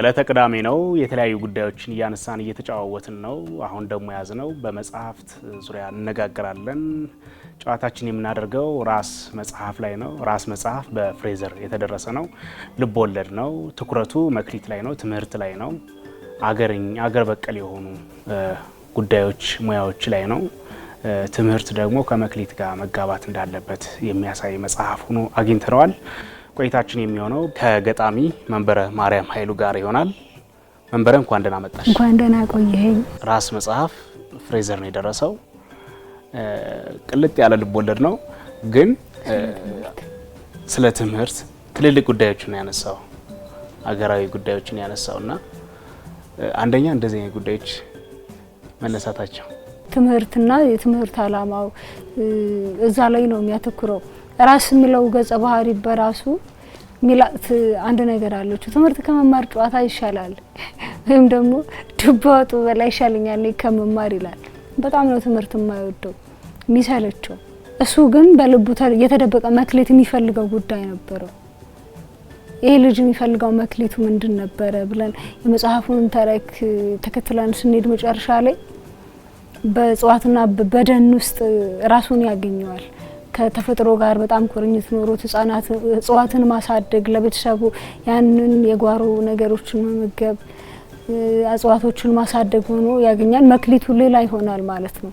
ዕለተ ቅዳሜ ነው። የተለያዩ ጉዳዮችን እያነሳን እየተጨዋወትን ነው። አሁን ደግሞ ያዝነው በመጽሐፍት ዙሪያ እነጋገራለን። ጨዋታችን የምናደርገው ራስ መጽሐፍ ላይ ነው። ራስ መጽሐፍ በፍሬዘር የተደረሰ ነው። ልብ ወለድ ነው። ትኩረቱ መክሊት ላይ ነው፣ ትምህርት ላይ ነው። አገር በቀል የሆኑ ጉዳዮች፣ ሙያዎች ላይ ነው። ትምህርት ደግሞ ከመክሊት ጋር መጋባት እንዳለበት የሚያሳይ መጽሐፍ ሆኖ አግኝተነዋል። ቆይታችን የሚሆነው ከገጣሚ መንበረ ማርያም ኃይሉ ጋር ይሆናል። መንበረ እንኳን ደህና መጣሽ። እንኳን ደህና ቆየኸኝ። ራስ መጽሐፍ ፍሬዘር ነው የደረሰው። ቅልጥ ያለ ልብ ወለድ ነው፣ ግን ስለ ትምህርት ትልልቅ ጉዳዮችን ያነሳው አገራዊ ጉዳዮችን ያነሳው እና አንደኛ እንደዚህ አይነት ጉዳዮች መነሳታቸው ትምህርትና የትምህርት ዓላማው እዛ ላይ ነው የሚያተኩረው። ራስ የሚለው ገጸ ባህሪ በራሱ ሚላት አንድ ነገር አለች። ትምህርት ከመማር ጨዋታ ይሻላል ወይም ደግሞ ዱባ ወጡ በላይ ይሻለኛል ከመማር ይላል። በጣም ነው ትምህርት የማይወደው የሚሰለቸው። እሱ ግን በልቡ የተደበቀ መክሌት የሚፈልገው ጉዳይ ነበረው። ይሄ ልጅ የሚፈልገው መክሌቱ ምንድን ነበረ ብለን የመጽሐፉን ተረክ ተከትለን ስንሄድ መጨረሻ ላይ በእጽዋትና በደን ውስጥ ራሱን ያገኘዋል። ከተፈጥሮ ጋር በጣም ቁርኝት ኖሮት ህጻናት እጽዋትን ማሳደግ ለቤተሰቡ ያንን የጓሮ ነገሮችን መመገብ እጽዋቶችን ማሳደግ ሆኖ ያገኛል። መክሊቱ ሌላ ይሆናል ማለት ነው።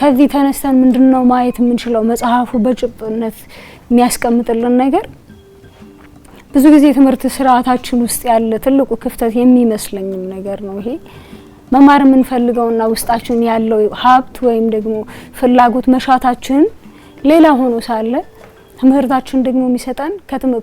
ከዚህ ተነስተን ምንድን ነው ማየት የምንችለው? መጽሐፉ በጭብነት የሚያስቀምጥልን ነገር ብዙ ጊዜ የትምህርት ስርዓታችን ውስጥ ያለ ትልቁ ክፍተት የሚመስለኝም ነገር ነው ይሄ መማር የምንፈልገውና ውስጣችን ያለው ሀብት ወይም ደግሞ ፍላጎት መሻታችን ሌላ ሆኖ ሳለ ትምህርታችን ደግሞ የሚሰጠን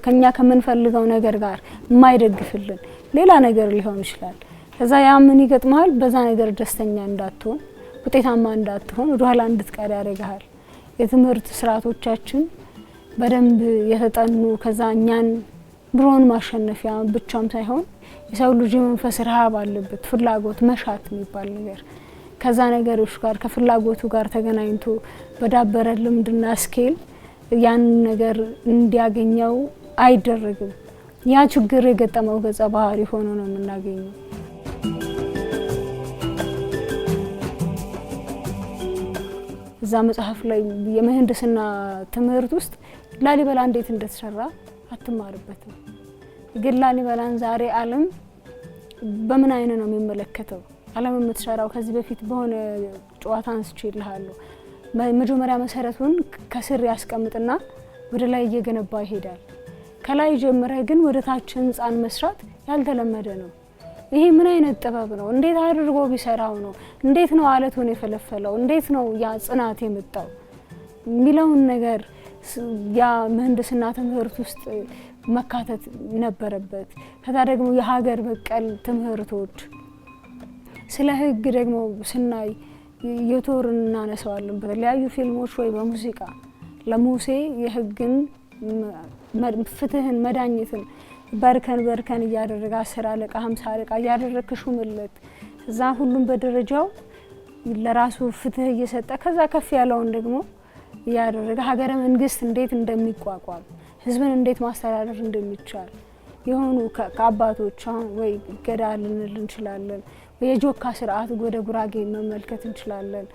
ከኛ ከምንፈልገው ነገር ጋር የማይደግፍልን ሌላ ነገር ሊሆን ይችላል። ከዛ ያ ምን ይገጥመሃል? በዛ ነገር ደስተኛ እንዳትሆን፣ ውጤታማ እንዳትሆን፣ ወደኋላ እንድትቀር ያደርግሃል። የትምህርት ስርዓቶቻችን በደንብ የተጠኑ ከዛ እኛን ድሮን ማሸነፊያ ብቻም ሳይሆን የሰው ልጅ መንፈስ ረሃብ አለበት። ፍላጎት መሻት የሚባል ነገር ከዛ ነገሮች ጋር ከፍላጎቱ ጋር ተገናኝቶ በዳበረ ልምድና ስኬል ያን ነገር እንዲያገኘው አይደረግም። ያ ችግር የገጠመው ገጸ ባህሪ ሆኖ ነው የምናገኘው። እዛ መጽሐፍ ላይ የምህንድስና ትምህርት ውስጥ ላሊበላ እንዴት እንደተሰራ አትማርበትም። ግን ላሊበላን ዛሬ ዓለም በምን አይነ ነው የሚመለከተው? ዓለም የምትሰራው ከዚህ በፊት በሆነ ጨዋታ አንስቼ ይልሃሉ መጀመሪያ መሰረቱን ከስር ያስቀምጥና ወደ ላይ እየገነባ ይሄዳል። ከላይ ጀምረህ ግን ወደ ታች ህንፃን መስራት ያልተለመደ ነው። ይሄ ምን አይነት ጥበብ ነው? እንዴት አድርጎ ቢሰራው ነው? እንዴት ነው አለቱን የፈለፈለው? እንዴት ነው ያ ጽናት የመጣው የሚለውን ነገር ያ ምህንድስና ትምህርት ውስጥ መካተት ነበረበት። ከዛ ደግሞ የሀገር በቀል ትምህርቶች ስለ ህግ ደግሞ ስናይ የቶር እናነሳዋለን በተለያዩ ፊልሞች ወይ በሙዚቃ ለሙሴ የህግን ፍትህን መዳኘትን በርከን በርከን እያደረገ አስር አለቃ ሀምሳ አለቃ እያደረግክ ሹምለት እዛ ሁሉም በደረጃው ለራሱ ፍትህ እየሰጠ ከዛ ከፍ ያለውን ደግሞ እያደረገ ሀገረ መንግስት እንዴት እንደሚቋቋም ህዝብን እንዴት ማስተዳደር እንደሚቻል የሆኑ ከአባቶች አሁን ወይ ገዳ ልንል እንችላለን፣ የጆካ ስርዓት ወደ ጉራጌ መመልከት እንችላለን።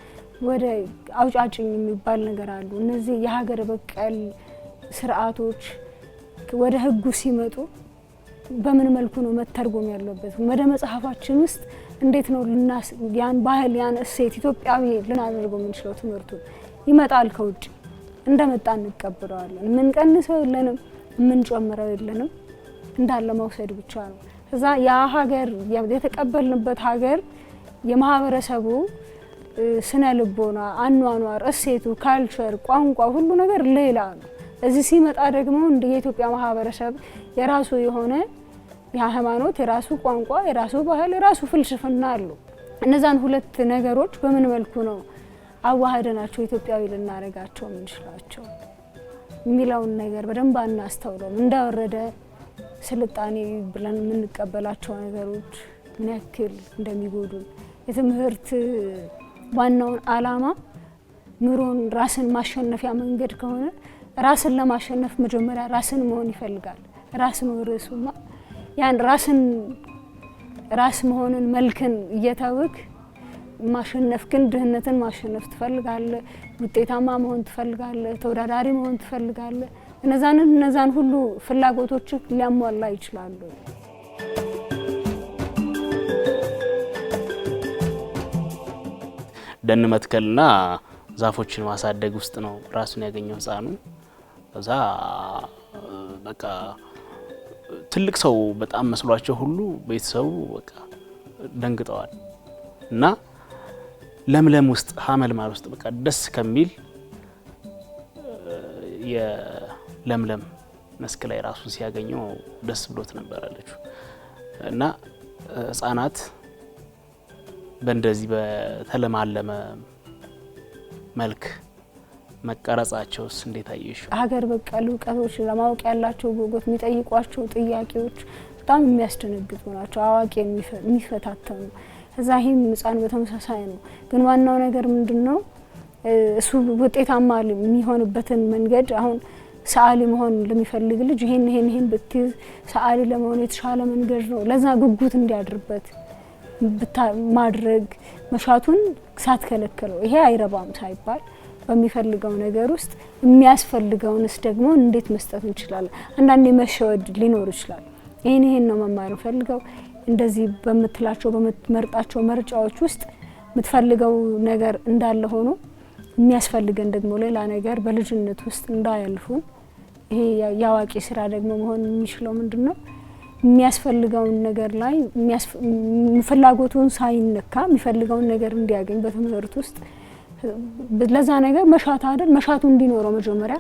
ወደ አውጫጭኝ የሚባል ነገር አሉ። እነዚህ የሀገር በቀል ስርዓቶች ወደ ህጉ ሲመጡ በምን መልኩ ነው መተርጎም ያለበት? ወደ መጽሐፋችን ውስጥ እንዴት ነው ያን ባህል ያን እሴት ኢትዮጵያዊ ልናደርገው የምንችለው ትምህርቱ ይመጣል ከውጭ እንደመጣ እንቀብለዋለን። የምንቀንሰው የለንም፣ የምንጨምረው የለንም። እንዳለ መውሰድ ብቻ ነው። ከዛ ያ ሀገር የተቀበልንበት ሀገር የማህበረሰቡ ስነ ልቦና፣ አኗኗር፣ እሴቱ፣ ካልቸር፣ ቋንቋ፣ ሁሉ ነገር ሌላ ነው። እዚህ ሲመጣ ደግሞ እንደ የኢትዮጵያ ማህበረሰብ የራሱ የሆነ የሃይማኖት፣ የራሱ ቋንቋ፣ የራሱ ባህል፣ የራሱ ፍልስፍና አሉ። እነዛን ሁለት ነገሮች በምን መልኩ ነው አዋህደናቸው ኢትዮጵያዊ ልናደርጋቸው የምንችላቸው የሚለውን ነገር በደንብ አናስተውለውም። እንዳወረደ ስልጣኔ ብለን የምንቀበላቸው ነገሮች ምን ያክል እንደሚጎዱን የትምህርት ዋናውን ዓላማ ኑሮን ራስን ማሸነፊያ መንገድ ከሆነ ራስን ለማሸነፍ መጀመሪያ ራስን መሆን ይፈልጋል። ራስ ነው ርዕሱማ። ያን ራስን ራስ መሆንን መልክን እየታወክ ማሸነፍ ግን ድህነትን ማሸነፍ ትፈልጋለህ፣ ውጤታማ መሆን ትፈልጋለህ፣ ተወዳዳሪ መሆን ትፈልጋለህ። እነዛንን እነዛን ሁሉ ፍላጎቶች ሊያሟላ ይችላሉ። ደን መትከልና ዛፎችን ማሳደግ ውስጥ ነው ራሱን ያገኘው ህፃኑ። ከዛ በቃ ትልቅ ሰው በጣም መስሏቸው ሁሉ ቤተሰቡ በቃ ደንግጠዋል እና ለምለም ውስጥ ሀመልማል ውስጥ በቃ ደስ ከሚል የለምለም መስክ ላይ ራሱን ሲያገኘው ደስ ብሎት ነበር አለችው። እና ህጻናት በእንደዚህ በተለማለመ መልክ መቀረጻቸውስ እንዴት አየሽ? ሀገር በቀል እውቀቶች ለማወቅ ያላቸው ጉጉት፣ የሚጠይቋቸው ጥያቄዎች በጣም የሚያስደነግጡ ናቸው። አዋቂ የሚፈታተኑ ከዛ ይህም ህጻኑ በተመሳሳይ ነው። ግን ዋናው ነገር ምንድን ነው እሱ ውጤታማ የሚሆንበትን መንገድ አሁን ሰዓሊ መሆን ለሚፈልግ ልጅ ይሄን ይሄን ይሄን ብትይዝ ሰዓሊ ለመሆን የተሻለ መንገድ ነው። ለዛ ጉጉት እንዲያድርበት ማድረግ መሻቱን ሳትከለክለው ይሄ አይረባም ሳይባል በሚፈልገው ነገር ውስጥ የሚያስፈልገውንስ ደግሞ እንዴት መስጠት እንችላለን። አንዳንድ መሸወድ ሊኖር ይችላል። ይህን ይህን ነው መማር ፈልገው እንደዚህ በምትላቸው በምትመርጣቸው መርጫዎች ውስጥ የምትፈልገው ነገር እንዳለ ሆኖ የሚያስፈልገን ደግሞ ሌላ ነገር በልጅነት ውስጥ እንዳያልፉን። ይሄ የአዋቂ ስራ ደግሞ መሆን የሚችለው ምንድን ነው? የሚያስፈልገውን ነገር ላይ ፍላጎቱን ሳይነካ የሚፈልገውን ነገር እንዲያገኝ በትምህርት ውስጥ ለዛ ነገር መሻት አይደል መሻቱ እንዲኖረው መጀመሪያ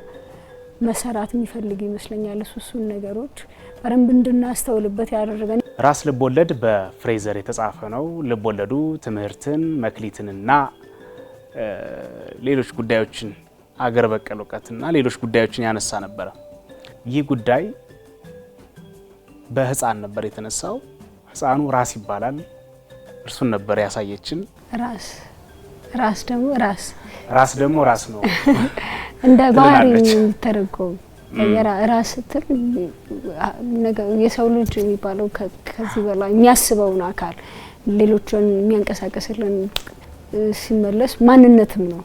መሰራት የሚፈልግ ይመስለኛል። እሱሱን ነገሮች በደንብ እንድናስተውልበት ያደረገን ራስ ልቦለድ በፍሬዘር የተጻፈ ነው። ልቦለዱ ትምህርትን መክሊትንና ሌሎች ጉዳዮችን አገር በቀል እውቀትና ሌሎች ጉዳዮችን ያነሳ ነበረ። ይህ ጉዳይ በህፃን ነበር የተነሳው። ህፃኑ ራስ ይባላል። እርሱን ነበር ያሳየችን ራስ ራስ ደግሞ ራስ ራስ ደግሞ ራስ ነው እንደ ባህሪ የሚተረጎም ራስ ስትል የሰው ልጅ የሚባለው ከዚህ በላይ የሚያስበውን አካል ሌሎችን የሚያንቀሳቀስልን ሲመለስ ማንነትም ነው።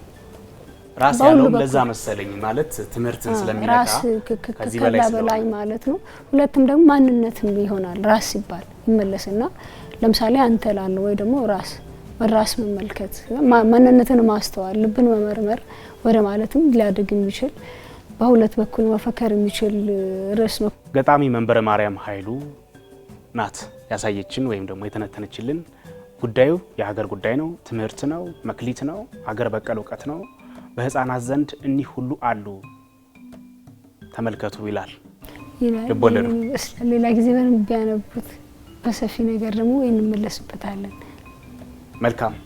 ራስ ያለውም ለዛ መሰለኝ ማለት ትምህርትን በላይ ማለት ነው። ሁለትም ደግሞ ማንነትም ይሆናል ራስ ሲባል ይመለስና ለምሳሌ አንተ ወይ ደግሞ ራስ ራስ መመልከት፣ ማንነትን ማስተዋል፣ ልብን መመርመር ወደ ማለትም ሊያድግ የሚችል በሁለት በኩል መፈከር የሚችል ርዕስ ነው። ገጣሚ መንበረ ማርያም ኃይሉ ናት ያሳየችን ወይም ደግሞ የተነተነችልን። ጉዳዩ የሀገር ጉዳይ ነው፣ ትምህርት ነው፣ መክሊት ነው፣ ሀገር በቀል እውቀት ነው። በህፃናት ዘንድ እኒህ ሁሉ አሉ ተመልከቱ ይላል። ልቦለዱ ሌላ ጊዜ በደንብ ቢያነቡት በሰፊ ነገር ደግሞ እንመለስበታለን። መልካም